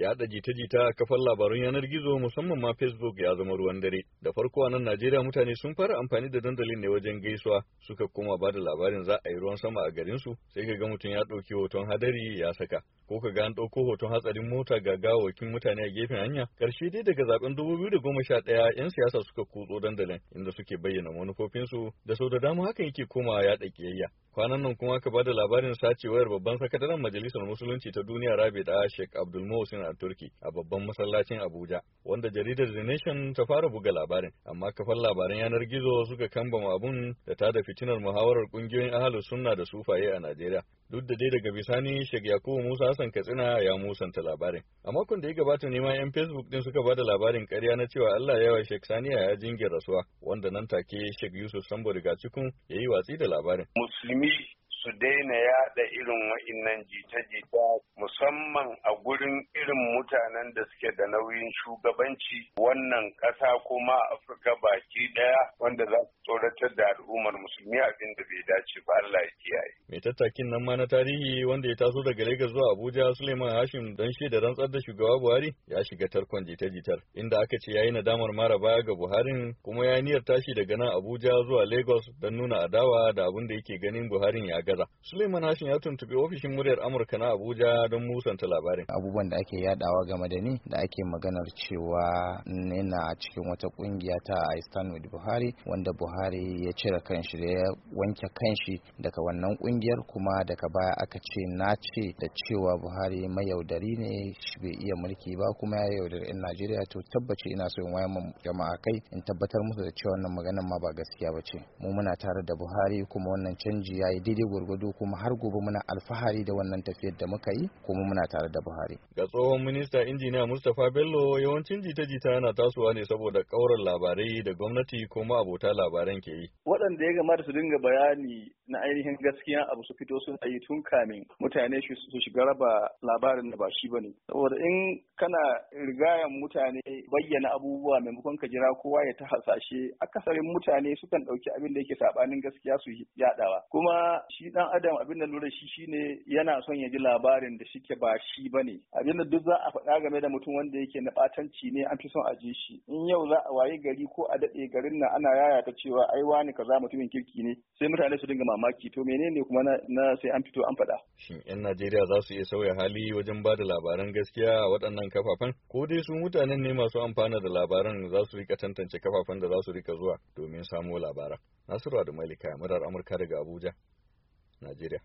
Yaɗa jita-jita a kafar labarun yanar gizo musamman ma Facebook ya zama ruwan dare. Da farko a nan Najeriya mutane sun fara amfani da dandalin ne wajen gaisuwa suka koma ba da labarin za a yi ruwan sama a garinsu sai ka ga mutum ya ɗauki hoton hadari ya saka. Ko ka ga an ɗauko hoton hatsarin mota ga gawakin mutane a gefen hanya. Ƙarshe dai daga zaben ɗaya 'yan siyasa suka kutso dandalin inda suke bayyana manufofinsu da sau da dama hakan yake komawa yaɗa ƙiyayya. kwanan nan kuma aka bada labarin sace babban sakataren majalisar musulunci ta duniya rabi da sheik abdul mohsin a turki a babban masallacin abuja wanda jaridar the nation ta fara buga labarin amma kafar labaran yanar gizo suka kambama abun da ta da fitinar muhawarar kungiyoyin ahalus sunna da sufaye a najeriya duk da dai daga bisani shek Yakubu Musa Hassan Katsina ya musanta labarin. A makon da ya gabata ne ma 'yan Facebook din suka bada labarin karya na cewa Allah ya wa Sheikh Saniya ya jingin rasuwa, wanda nan take shek Yusuf Sambo daga cikin ya yi watsi da labarin. Musulmi su daina yada irin wa'innan jita-jita musamman a gurin irin mutanen da suke da nauyin shugabanci wannan kasa kuma afirka baki daya wanda za su tsoratar da al'ummar musulmi abin da bai dace ba Allah ya kiyaye. Mai tattakin nan ma na tarihi wanda ya taso daga Lagos zuwa Abuja Suleiman Hashim dan da rantsar da shugaba Buhari ya shiga tarkon jita-jitar inda aka ce ya yi nadamar mara baya ga Buharin kuma ya niyyar tashi daga nan Abuja zuwa Lagos don nuna adawa da abin da yake ganin Buharin ya gaza. Suleiman Hashin ya tuntuɓi ofishin muryar Amurka na Abuja don musanta labarin. Abubuwan da ake yadawa game da ni da ake maganar cewa na cikin wata kungiya ta I with Buhari wanda Buhari ya cire kanshi da ya wanke kanshi daga wannan kungiyar kuma daga baya aka ce na ce da cewa Buhari mayaudari ne shi bai iya mulki ba kuma ya yaudari 'yan Najeriya to tabbaci ina so in wayar jama'a kai in tabbatar musu da cewa wannan maganar ma ba gaskiya ba ce. Mu muna tare da Buhari kuma wannan canji ya yi daidai gwargwado kuma har gobe muna alfahari da wannan tafiyar da muka yi kuma muna tare da Buhari. Ga tsohon minista injiniya Mustapha Bello yawancin jita-jita yana tasowa ne saboda kauran labarai da gwamnati ko abota labaran ke yi. Waɗanda ya gamata su dinga bayani na ainihin gaskiya abu su fito sun ayi tun kamin mutane su shiga raba labarin da ba shi ba ne. Saboda in kana rigayen mutane bayyana abubuwa maimakon ka jira kowa ya ta hasashe akasarin mutane sukan ɗauki abin da yake saɓanin gaskiya su yaɗawa. Kuma shi dan adam abin da lura shi shine yana son ya ji labarin da shike ba shi bane abin da duk za a faɗa game da mutum wanda yake na batanci ne an fi son a ji shi in yau za a wayi gari ko a daɗe garin nan ana yaya ta cewa ai wani kaza mutumin kirki ne sai mutane su dinga mamaki to menene kuma na sai an fito an faɗa shin yan Najeriya za su iya sauya hali wajen ba da labaran gaskiya a waɗannan kafafen ko dai su mutanen ne masu amfana da labaran za su rika tantance kafafen da za su rika zuwa domin samo labaran Nasiru Adamu Malika murar Amurka daga Abuja На дереве.